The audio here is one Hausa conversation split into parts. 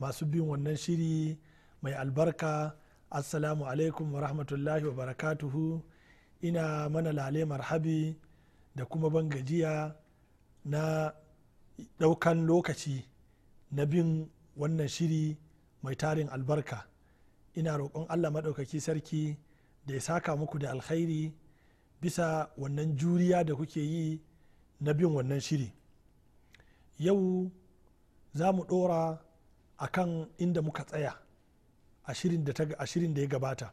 masu bin wannan shiri mai albarka assalamu alaikum wa rahmatullahi wa barakatuhu ina mana lale marhabi da kuma ban gajiya na daukan lokaci na bin wannan shiri mai tarin albarka ina roƙon allah maɗaukaki sarki da ya saka muku da alkhairi bisa wannan juriya da kuke yi na bin wannan shiri yau za mu ɗora akan inda muka tsaya a shirin da ya gabata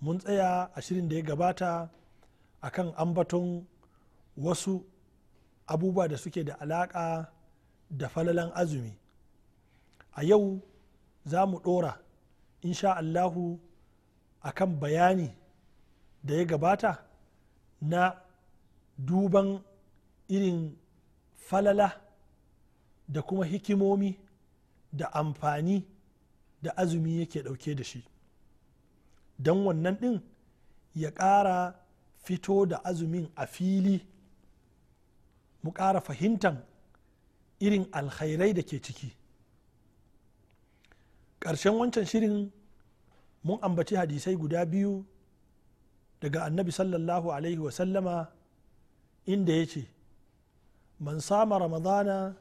mun tsaya a shirin da ya gabata akan ambaton wasu abubuwa da suke da alaka da falalan azumi a yau za mu ɗora insha allahu akan bayani da ya gabata na duban irin falala da kuma hikimomi da amfani da azumi yake ɗauke da shi don wannan din ya ƙara fito da azumin a fili mu ƙara fahimtan irin alkhairai da ke ciki ƙarshen wancan shirin mun ambaci hadisai guda biyu daga annabi sallallahu alaihi wasallama inda ya ce man sama ramadana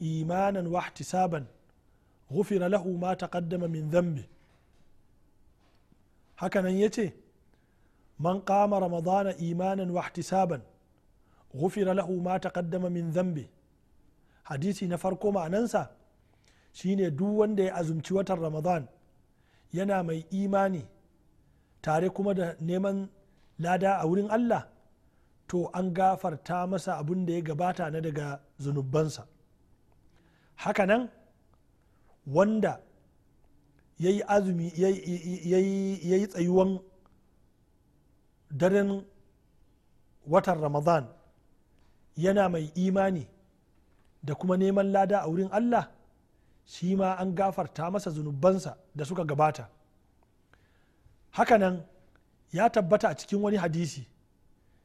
imanan wahtisaban saban غفر له ما تقدم من ذنبه hakanan ya ce man kama ramadana imanan wa ihtisaban ghufira lahu ma taqaddama min dhanbi hadisi na farko ma'anansa shine duk wanda ya azumci watan ramadan yana mai imani tare kuma da neman lada a wurin allah to an gafarta masa abin da ya gabata na daga zunubansa hakanan wanda ya yi azumi ya yi tsayuwan daren watan ramadan yana mai imani da kuma neman lada a wurin allah shi ma an gafarta masa zunubansa da suka gabata hakanan ya tabbata a cikin wani hadisi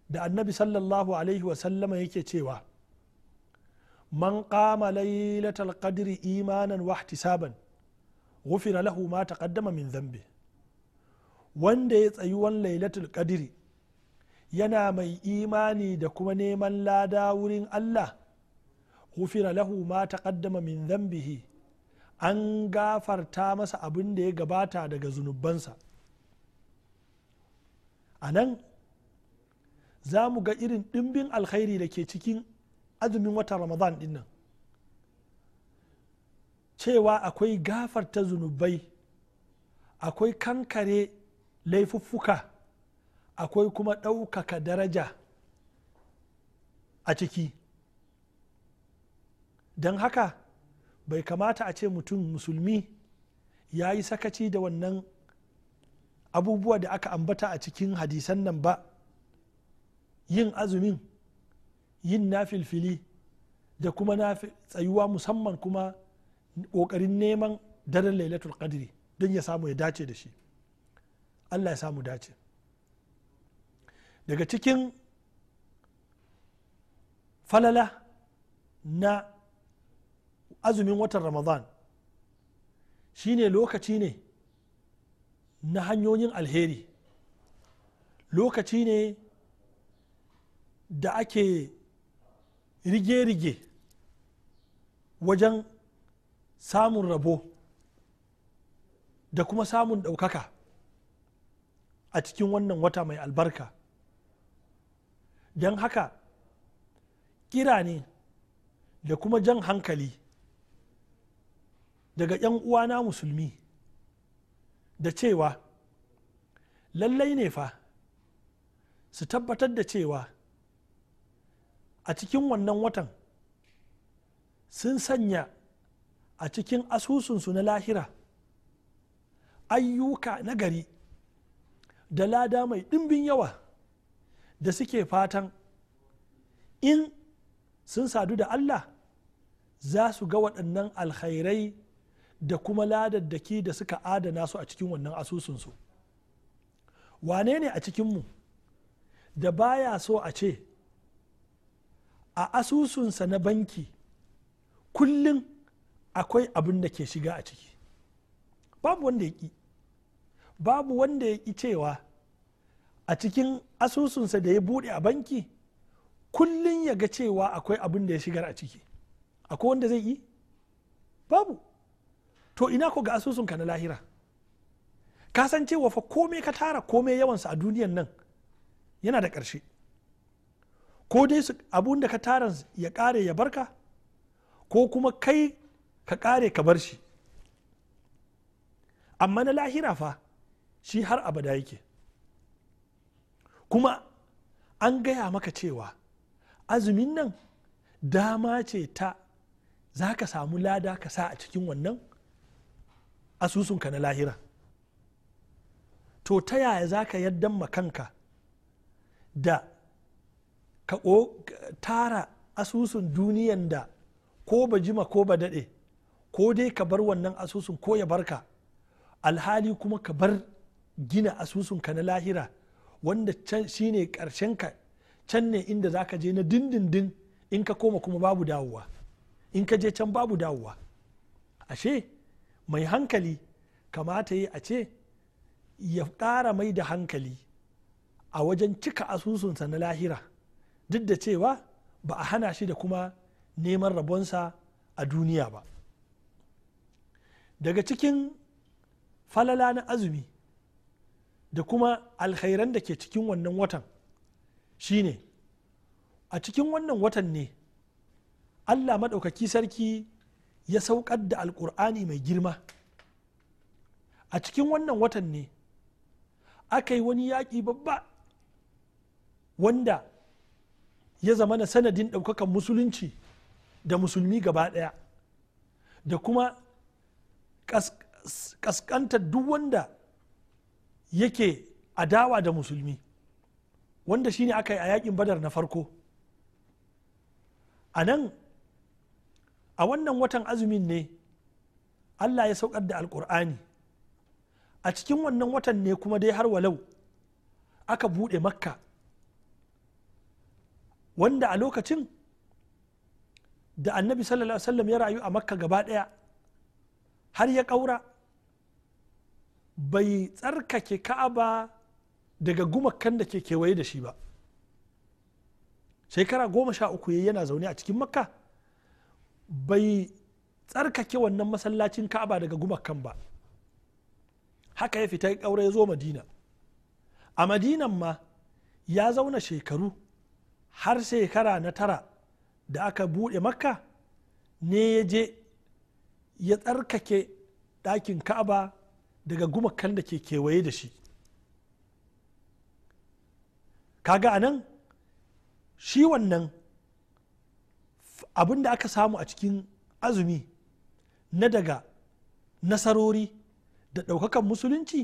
da annabi sallallahu alaihi wasallama yake cewa man qama lailatal qadri imanan wa ihtisaban ghufira lahu ma taqaddama min dhanbi wanda ya tsayi wan lailatul qadri yana mai imani da kuma neman lada wurin Allah ghufira lahu ma taqaddama min dhanbihi an gafarta masa abin da ya gabata daga zunubansa a nan za mu ga irin ɗimbin alkhairi da ke cikin azumin watan ramadan dinnan cewa akwai gafarta zunubai akwai kankare laifuffuka akwai kuma ɗaukaka daraja a ciki don haka bai kamata a ce mutum musulmi ya yi sakaci da wannan abubuwa da aka ambata a cikin hadisan nan ba yin azumin yin na filfili da kuma tsayuwa musamman kuma ƙoƙarin neman daren lailatul qadri don ya samu ya dace da shi allah ya samu dace daga cikin falala na azumin watan ramadan shine lokaci ne na hanyoyin alheri lokaci ne da ake rige-rige wajen samun rabo da kuma samun ɗaukaka a cikin wannan wata mai albarka don haka kira ne da kuma jan hankali daga 'yan uwana musulmi da cewa lallai ne fa su tabbatar da cewa a cikin wannan watan sun sanya a cikin asusunsu na lahira ayyuka na gari da lada mai ɗimbin yawa da suke fatan in sun sadu da allah za su ga waɗannan alkhairai da kuma ladaddaki da suka adana su a cikin wannan asusunsu wane ne a cikinmu da baya so a ce a asusunsa na banki kullum akwai abin da ke shiga a ciki babu wanda ya ki babu wanda ya ƙi cewa a cikin asusunsa da ya buɗe a banki kullum ya ga cewa akwai abin da ya shigar a ciki akwai wanda zai yi babu to ina ko ga asusunka na lahira ka san cewa fa komai ka tara komai yawansa a duniyan nan yana da ƙarshe ko dai abun da ka tara ya kare ya barka ko kuma kai ka kare ka bar shi amma na lahira fa shi har abada yake kuma an gaya maka cewa azumin nan dama ce ta za ka samu lada ka sa a cikin wannan asusunka na lahira to ta yaya za ka yaddan makanka da ka tara asusun duniyan da ko ba jima ko ba daɗe ko dai ka bar wannan asusun ko ya barka alhali kuma ka bar gina asusunka na lahira wanda shine ka can ne inda za ka je na dindindin in ka koma kuma babu dawowa in ka je can babu dawowa ashe mai hankali kamata yi a ce ya ƙara mai da hankali a wajen cika asusunsa na lahira duk da cewa ba a hana shi da kuma neman rabonsa a duniya ba daga cikin falala na azumi da kuma alkhairan da ke cikin wannan watan shine a cikin wannan watan ne allah maɗaukaki sarki ya sauƙar da alƙur'ani mai girma a cikin wannan watan ne aka yi wani yaƙi babba wanda ya zama na sanadin ɗaukakan musulunci da musulmi gaba ɗaya da kuma ƙasƙantar duk wanda yake adawa da musulmi wanda shine aka yi a yaƙin badar na farko a nan a wannan watan azumin ne allah ya saukar da alkur'ani a cikin wannan watan ne kuma dai har walau aka buɗe makka wanda a lokacin da annabi sallallahu alaihi wasallam ya rayu a makka gaba ɗaya har ya ƙaura bai tsarkake ka'aba daga gumakan da ke kewaye da shi ba shekara goma sha uku ya yana zaune a cikin makka bai tsarkake wannan masallacin ka'aba daga gumakan ba haka ya fita ya ƙaura ya zo madina a madinan ma ya zauna shekaru har shekara na tara da aka buɗe makka ne ya je ya tsarkake ɗakin ka'aba daga gumakan da ke kewaye da shi kaga a nan shi wannan abin da aka samu a cikin azumi na daga nasarori da ɗaukakan musulunci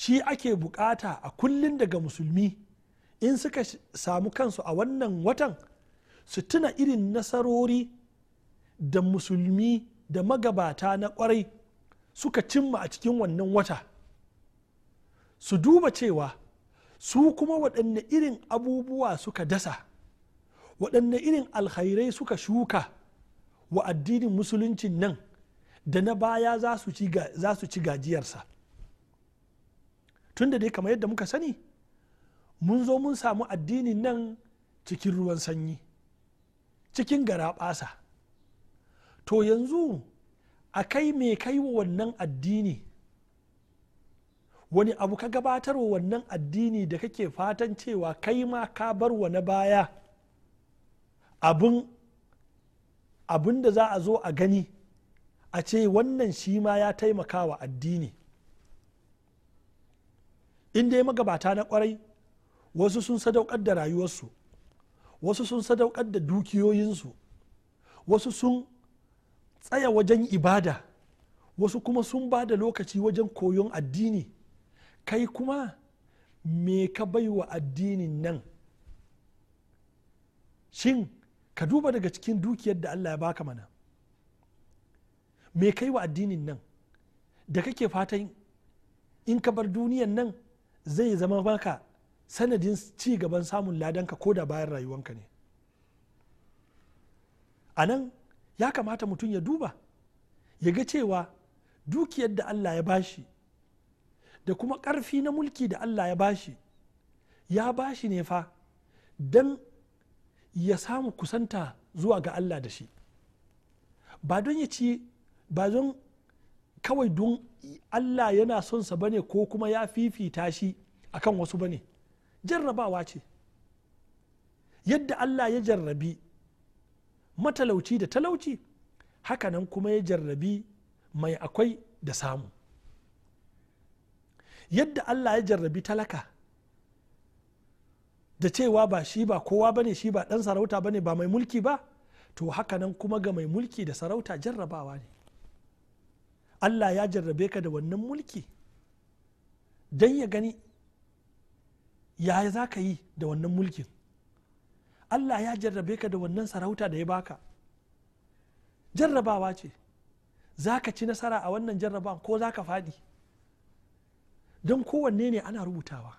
shi ake bukata a kullum daga musulmi in suka samu kansu a wannan watan su tuna irin nasarori da musulmi da magabata na kwarai suka cimma a cikin wannan wata su duba cewa su kuma waɗanne irin abubuwa suka dasa waɗanne irin alkhairai suka shuka wa addinin musuluncin nan da na baya za su ci gajiyarsa tunda dai kamar yadda muka sani mun zo mun samu addinin nan cikin ruwan sanyi cikin gara ɓasa to yanzu a kai me kai wa wannan addini wani abu ka gabatar wa wannan addini da kake fatan cewa kai ma ka bar wa na baya abin da za a zo a gani a ce wannan shi ma ya taimaka wa addini in dai magabata na kwarai wasu sun sadaukar da rayuwarsu wasu sun sadaukar da dukiyoyinsu wasu sun tsaya wajen ibada wasu kuma sun ba da lokaci wajen koyon addini kai kuma me ka baiwa addinin nan shin ka duba daga cikin dukiyar da allah ya baka mana me kai wa addinin nan da kake fatan in ka bar duniyan nan zai zama maka sanadin ci gaban samun ladanka ko da bayan rayuwanka ne a nan ya kamata mutum ya duba ya ga cewa dukiyar da allah ya bashi da kuma ƙarfi na mulki da allah ya bashi ya bashi ne fa don ya samu kusanta zuwa ga allah da shi ba don ya ci ba don kawai don allah yana son sa bane ko kuma ya fifita shi akan wasu bane jarrabawa ce yadda allah ya jarrabi matalauci da talauci hakanan kuma ya jarrabi mai akwai da samu yadda allah ya jarrabi talaka da cewa ba shi ba kowa ba ne shi ba dan sarauta ba ne ba mai mulki ba to hakanan kuma ga mai mulki da sarauta jarrabawa ne allah ya jarrabe ka da wannan mulki don ya gani yaya za ka yi da wannan mulkin allah ya jarrabe ka da wannan sarauta da ya baka jarrabawa ce za ka ci nasara a wannan jarrabawan ko za ka faɗi don kowanne ne ana rubutawa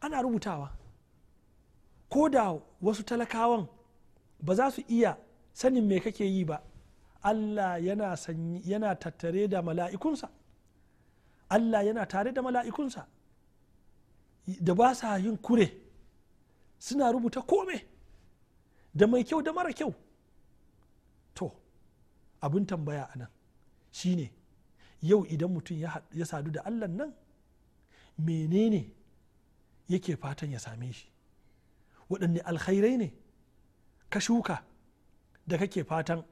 ana rubutawa ko da wasu talakawan ba za su iya sanin me kake yi ba allah yana, yana tattare da mala'ikunsa allah yana tare da mala'ikunsa da ba sa yin kure suna rubuta kome da mai kyau da mara kyau to abin tambaya a nan shine yau idan mutum ya sadu da allah nan menene yake fatan ya same shi waɗanne alkhairai ne ka shuka da kake fatan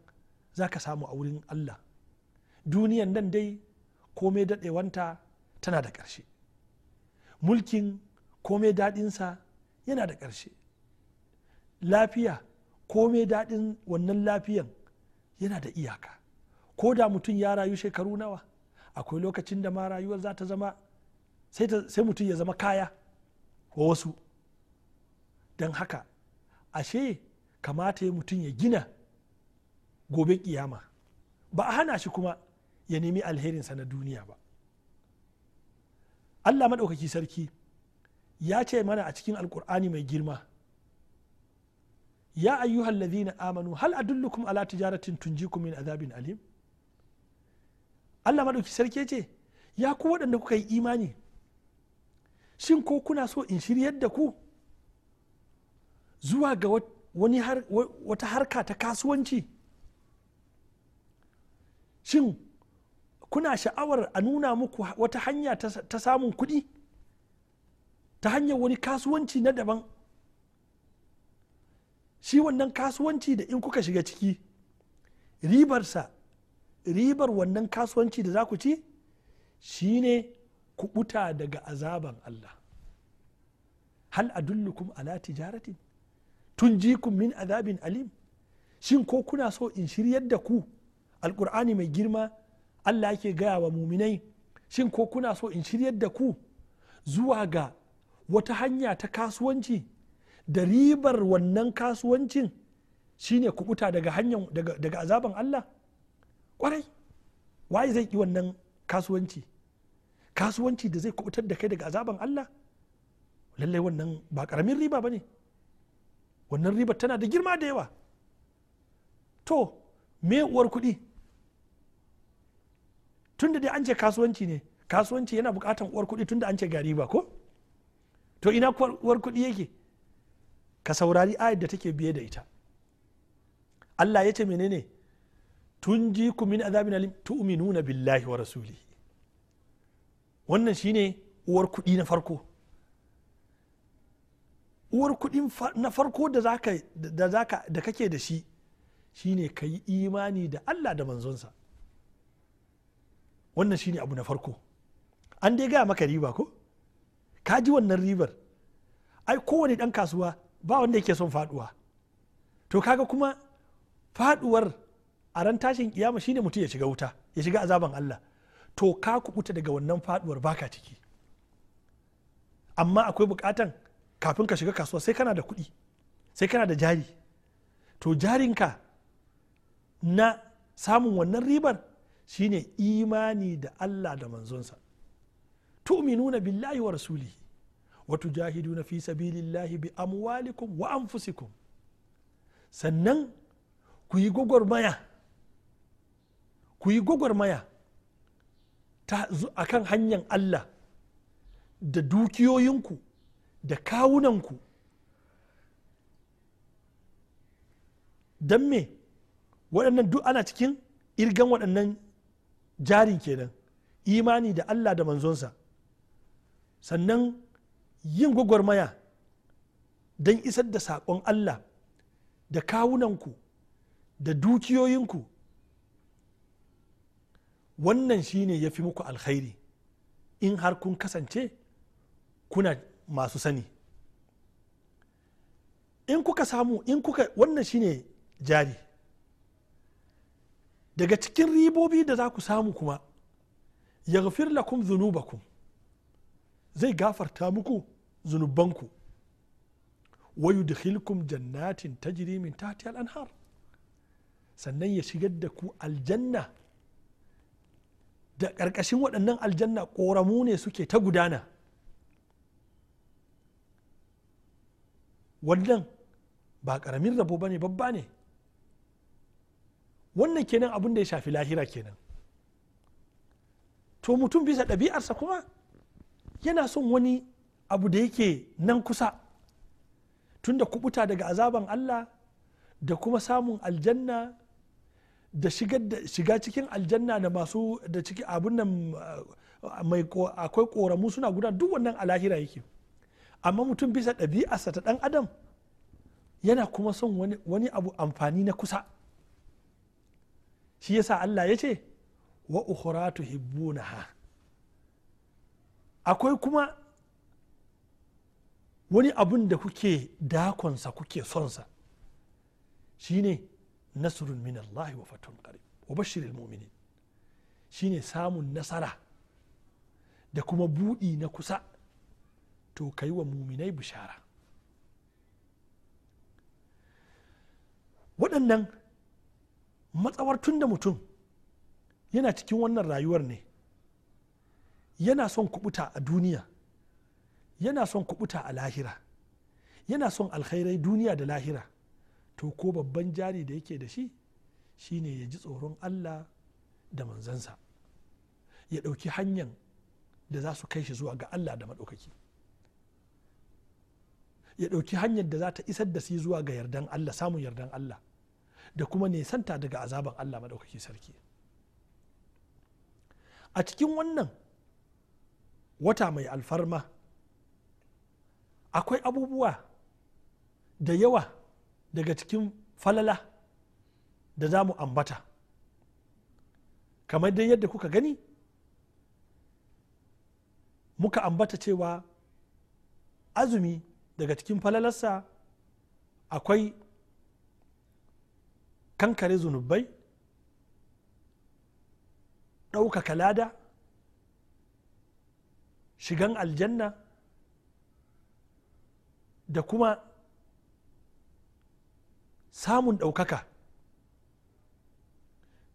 za ka samu a wurin allah duniyan nan dai komai daɗewanta tana da ƙarshe mulkin komai daɗinsa yana da ƙarshe lafiya komai daɗin wannan lafiyan yana da iyaka ko da mutum ya rayu shekaru nawa akwai lokacin da ma rayuwar za ta zama sai mutum ya zama kaya wa wasu don haka ashe kamata ya mutum ya gina gobe kiyama ba a hana shi kuma ya nemi alherinsa na duniya ba allah maɗaukaki sarki ya ce mana a cikin alkur'ani mai girma ya ayyuhal ladina amanu hal adullukum ala tijaratin tunjikum min azabin alim Allah madauki sarki ce ya ku waɗanda kuka yi imani shin ko kuna so in shiryar da ku zuwa ga wani wata harka ta kasuwanci shin kuna sha'awar a nuna muku wata hanya ta samun kuɗi ta hanyar wani kasuwanci na daban shi wannan kasuwanci da in kuka shiga ciki ribarsa ribar wannan kasuwanci da za ku ci shi shine kubuta daga azaban Allah hal adullukum ala tijaratin tunjikum min azabin alim shin ko kuna so in shiryar da ku alkur'ani mai girma Allah yake gaya wa muminai shin ko kuna so in shiryar da ku zuwa ga wata hanya ta kasuwanci da ribar wannan kasuwancin shine kubuta daga hanyar daga, daga azaban Allah kwarai waye zai yi wannan kasuwanci kasuwanci da zai kubutar da kai daga azaban Allah lallai wannan ba karamin riba bane wannan riba tana da girma da yawa to me uwar kuɗi tunda dai an ce kasuwanci ne kasuwanci yana bukatan uwar kuɗi tunda an ce ga riba ko to ina uwar kuɗi yake ka saurari ayat da take biye da ita allah ya ce menene tun ji min azabin alim tu'minuna billahi wa rasulihi wannan shine uwar kuɗi na farko uwar kuɗi na farko da zaka da zaka da kake da shi shine ka imani da allah da manzonsa wannan shine abu na farko an dai gaya maka riba ko ka ji wannan ribar ai kowane ɗan kasuwa ba wanda yake son faduwa to kaga kuma faduwar a ran tashin kiyama shine mutum ya shiga wuta ya shiga azaban Allah to ka kubuta daga wannan faduwar baka ciki amma akwai bukatan kafin ka shiga kasuwa sai kana da kuɗi sai kana da jari to jarinka na samun wannan ribar shine imani da Allah da manzonsa tu'minuna billahi wa rasulihi wa tujahiduna fi sabilillahi bi amwalikum wa anfusikum sannan ku yi gwagwarmaya ku yi gwagwarmaya a hanyar allah da dukiyoyinku da kawunanku Dan me waɗannan duk ana cikin irgan waɗannan jari kenan imani da allah da manzonsa sannan yin gwagwarmaya don isar da saƙon allah da kawunanku da dukiyoyinku wannan shine ya fi muku alkhairi in har kun kasance kuna masu sani in kuka samu in kuka wannan shine jari daga cikin ribobi da za ku samu kuma ya lakum zunubakum zai gafarta muku zunubanku wa yudkhilkum jannatin tajri min tahtiha al-anhar sannan ya shigar da ku aljanna da ƙarƙashin waɗannan aljanna ƙoramu ne suke ta gudana wannan ba ƙaramin rabo ba ne babba ne wannan kenan abin da ya shafi lahira kenan to mutum bisa ɗabi'arsa kuma yana son wani abu da yake nan kusa tunda kubuta daga azaban allah da kuma samun aljanna da shiga cikin aljanna da masu da ciki abun nan eh, mai akwai koramu suna guda duk wannan alahira yake amma mutum bisa ɗabi'arsa ta ɗan adam yana kuma son wani, abu amfani na kusa shi yasa allah ya ce wa ukhra tuhibbunaha akwai kuma wani abun da kuke dakonsa kuke sonsa shine nasrun min Allah wa fatun qarib wa bashiril mu'minin shine samun nasara da kuma budi na kusa to kai wa muminai bishara waɗannan matsawar tun da mutum yana cikin wannan rayuwar ne yana son kubuta a duniya yana son kubuta a lahira yana son alkhairai duniya da lahira to ko babban jari da yake da shi shine ya ji tsoron allah da manzansa ya ɗauki hanyar da za su kai shi zuwa ga allah da maɗaukaki ya ɗauki hanyar da za ta isar da su zuwa ga yardan allah samun yardan allah da kuma nesanta daga azaban allah maɗaukaki sarki a cikin wannan wata mai alfarma akwai abubuwa da yawa daga cikin falala da za mu ambata kamar dai yadda kuka gani muka ambata cewa azumi daga cikin falalarsa akwai kankare zunubai ɗaukaka lada shigan aljanna da kuma samun ɗaukaka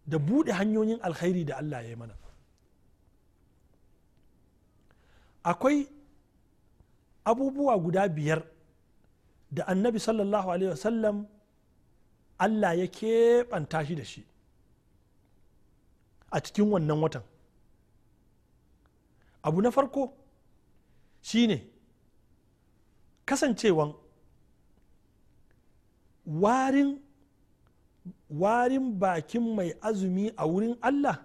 da buɗe hanyoyin alkhairi da allah ya yi mana akwai abubuwa guda biyar da annabi sallallahu alaihi wasallam allah ya keɓanta shi da shi a cikin wannan watan abu na farko shine kasancewan warin warin bakin mai azumi a wurin allah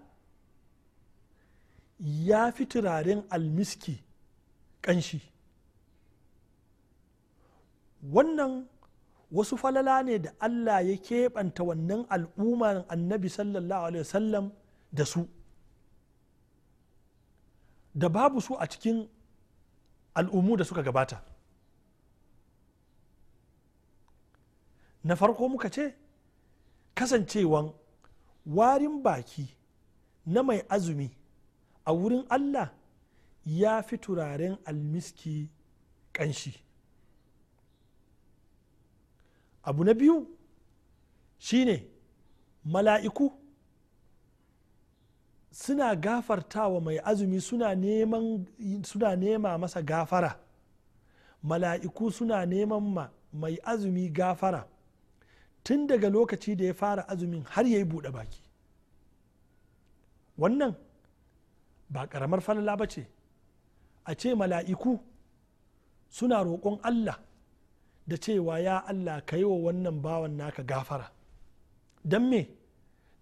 ya fi turaren almiski kanshi wannan wasu falala ne da allah ya keɓanta wannan al'umman annabi sallallahu alaihi wasallam da su da babu su a cikin al'ummu da suka gabata na farko muka ce kasancewan warin baki na mai azumi a wurin allah ya fi turaren almiski kanshi abu na biyu shine mala'iku suna gafartawa mai azumi suna nema masa gafara mala'iku suna neman ma mai azumi gafara tun daga lokaci da ya fara azumin har ya yi buɗe baki wannan ba ƙaramar falala ba ce a ce mala'iku suna roƙon allah da cewa ya allah ka yi wa wannan bawan naka gafara don me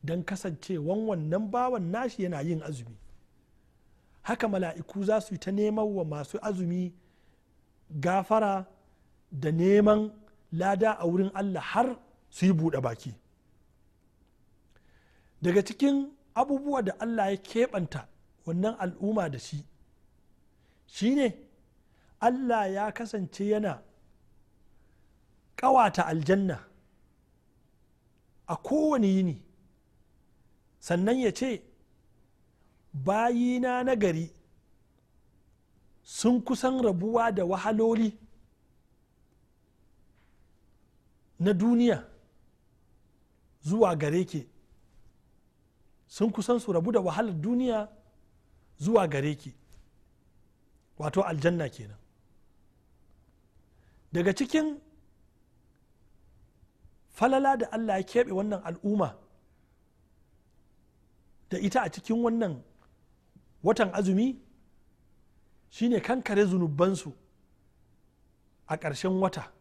don kasancewan wannan bawan nashi yana yin azumi haka mala'iku za su yi ta neman wa masu azumi gafara da neman lada a wurin allah har su yi buɗe baki daga cikin abubuwa da allah ya keɓanta wannan al'umma da shi shi ne allah ya kasance yana ƙawata aljanna a kowane yini sannan ya ce bayina na gari sun kusan rabuwa da wahaloli na duniya zuwa gare ke sun kusan su rabu da wahalar duniya zuwa gare ke. wato aljanna kenan daga cikin falala da allah ya keɓe wannan al'umma da ita a cikin wannan watan azumi shine kankare zunubansu a ƙarshen wata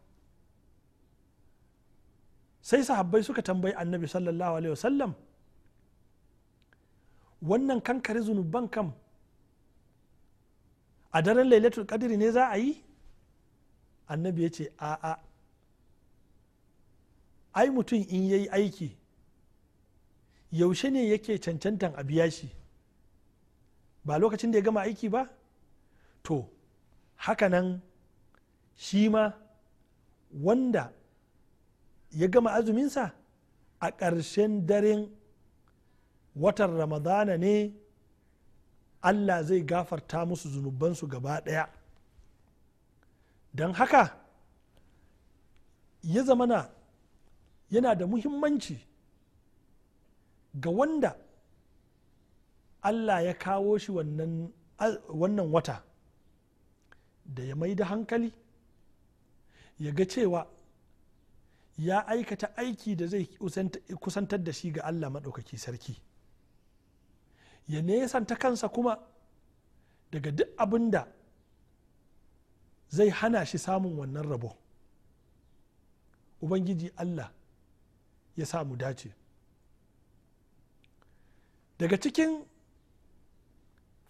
sai sahabbai suka tambayi annabi sallallahu alaihi wasallam wannan kankare zunuban kam a daren lailatul kadiri ne za a yi annabi ya ce a'a ai mutum in yayi aiki yaushe ne yake cancantan a biya shi ba lokacin da ya gama aiki ba to haka nan shi ma wanda ya gama azuminsa a ƙarshen daren watan ramadana ne allah zai gafarta musu zunubansu gaba ɗaya don haka ya zamana yana da muhimmanci ga wanda allah ya kawo shi wannan wata da ya mai da hankali ya ga cewa ya aikata aiki da zai kusantar da shi ga allah maɗaukaki sarki ya nesanta kansa kuma daga duk abin da zai hana shi samun wannan rabo ubangiji allah ya samu dace daga cikin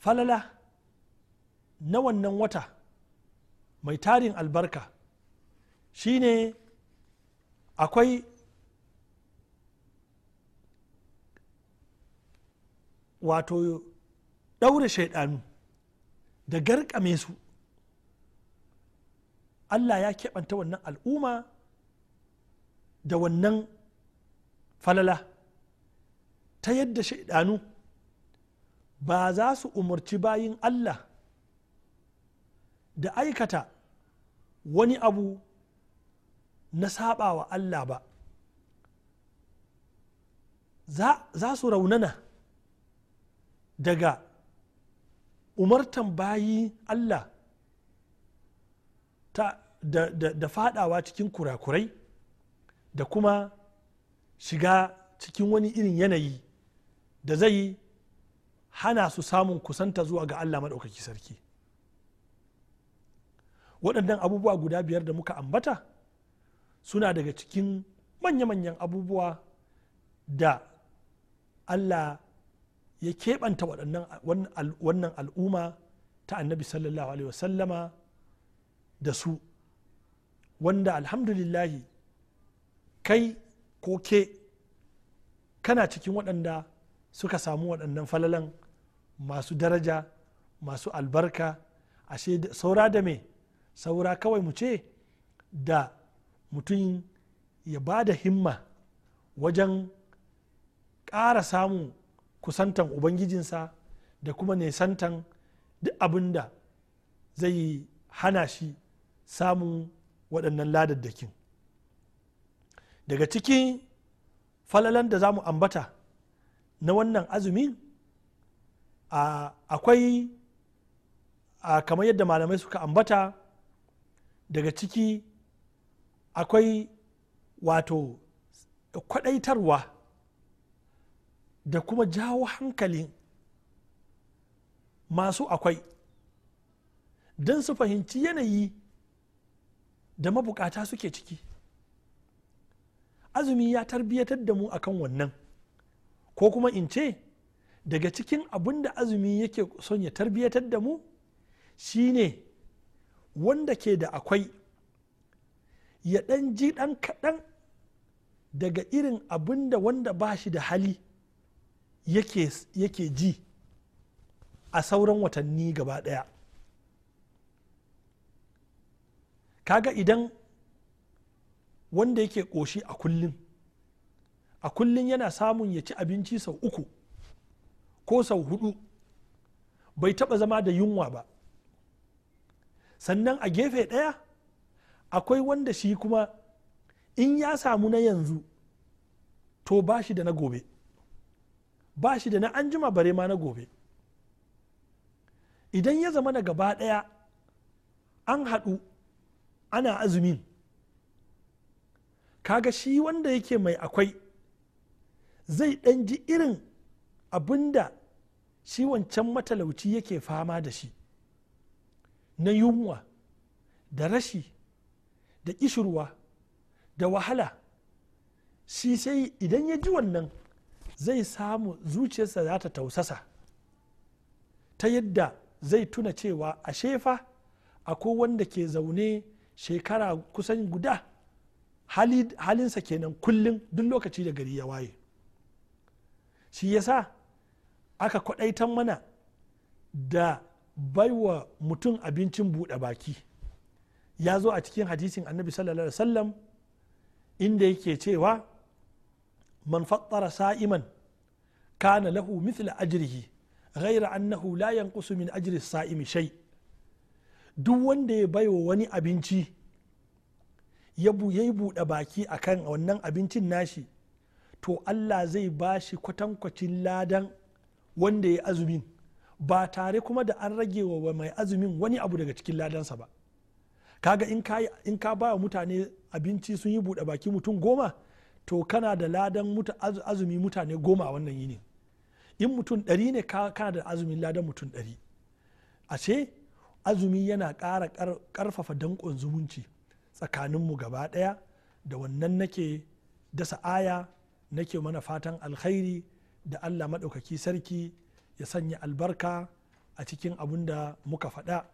falala na wannan wata mai tarin albarka shine akwai wato ɗaure shaidanu da garkame su allah ya keɓanta wannan al'umma da wannan falala ta yadda shaidanu ba za su umarci bayin allah da aikata wani abu na saba wa allah ba za su raunana daga umartan bayi allah ta, da, da, da fadawa cikin kurakurai da kuma shiga cikin wani irin yanayi da zai hana su samun kusanta zuwa ga allah maɗaukaki sarki waɗannan abubuwa guda biyar da muka ambata suna daga cikin manya-manyan abubuwa da allah ya keɓanta wannan al'umma ta annabi sallallahu alaihi wasallama da su wanda alhamdulillahi kai ko ke kana cikin waɗanda suka samu waɗannan falalan masu daraja masu albarka ashe saura da me saura kawai mu ce da mutum ya ba da himma wajen ƙara samun kusantan ubangijinsa da kuma nesantan duk abin da zai hana shi samun waɗannan ladaddakin daga cikin falalan da za mu ambata na wannan azumi akwai kamar yadda malamai suka ambata daga ciki akwai wato kwadaitarwa da kuma jawo hankalin masu akwai don su fahimci yanayi da mabukata suke ciki azumi ya tarbiyyatar da mu akan wannan ko kuma in ce daga cikin abin da azumi yake son ya tarbiyyatar da mu shine wanda ke da akwai ya ɗan ji ɗan kaɗan daga irin abin da wanda ba shi da hali yake ji a sauran watanni gaba ɗaya kaga idan wanda yake ƙoshi a kullum a kullum yana samun ya ci abinci sau uku ko sau hudu bai taba zama da yunwa ba sannan a gefe ɗaya akwai wanda shi kuma in ya samu na yanzu to ba shi da na gobe ba shi da na anjima bare ma na gobe idan ya zama na gaba ɗaya an haɗu ana azumin kaga shi wanda yake mai akwai zai ɗan ji irin abin da shi wancan matalauci yake fama da shi na yunwa da rashi da kishirwa da wahala shi sai idan ya ji wannan zai samu zuciyarsa za ta tausasa ta yadda zai tuna cewa a shefa akwai wanda ke zaune shekara kusan guda halinsa kenan kullum duk lokaci da gari ya waye shi yasa aka kwadaitan mana da baiwa mutum abincin buɗe baki ya zo a cikin hadisin annabi sallallahu alaihi wasallam inda yake cewa man fattara sa'iman kana lahu mithla ajrihi ghayra annahu la yanqusu min ajri sa'imi shay duk wanda ya baiwa wani abinci ya buɗe baki akan wannan abincin nashi to allah zai ba shi kwatankwacin ladan wanda ya azumin ba tare kuma da an rage wa mai azumin wani abu daga cikin ladansa ba kaga in ka ba mutane abinci sun yi buɗe baki mutum goma to kana da ladan azumi mutane goma a wannan yini in mutum ɗari ne kana da azumin ladan mutum ɗari ce azumi yana ƙara ƙarfafa danƙon zumunci tsakaninmu gaba ɗaya da wannan nake dasa aya nake mana fatan alkhairi da allah maɗaukaki sarki ya sanya albarka a cikin abun da muka faɗa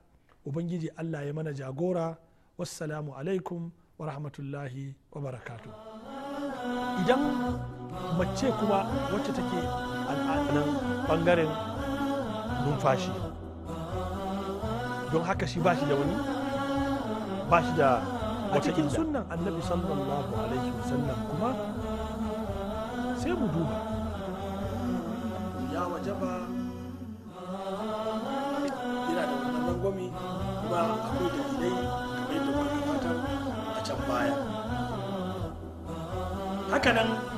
ubangiji allah ya mana jagora wassalamu alaikum wa rahmatullahi wa barakatu idan mace kuma wacce take al'adunan bangaren numfashi don haka shi bashi da wani bashi da a cikin sunan annabi sallallahu alaihi wasallam kuma sai mu duba ya waje ba yana da akwai da kamar yadda wani a can baya hakanan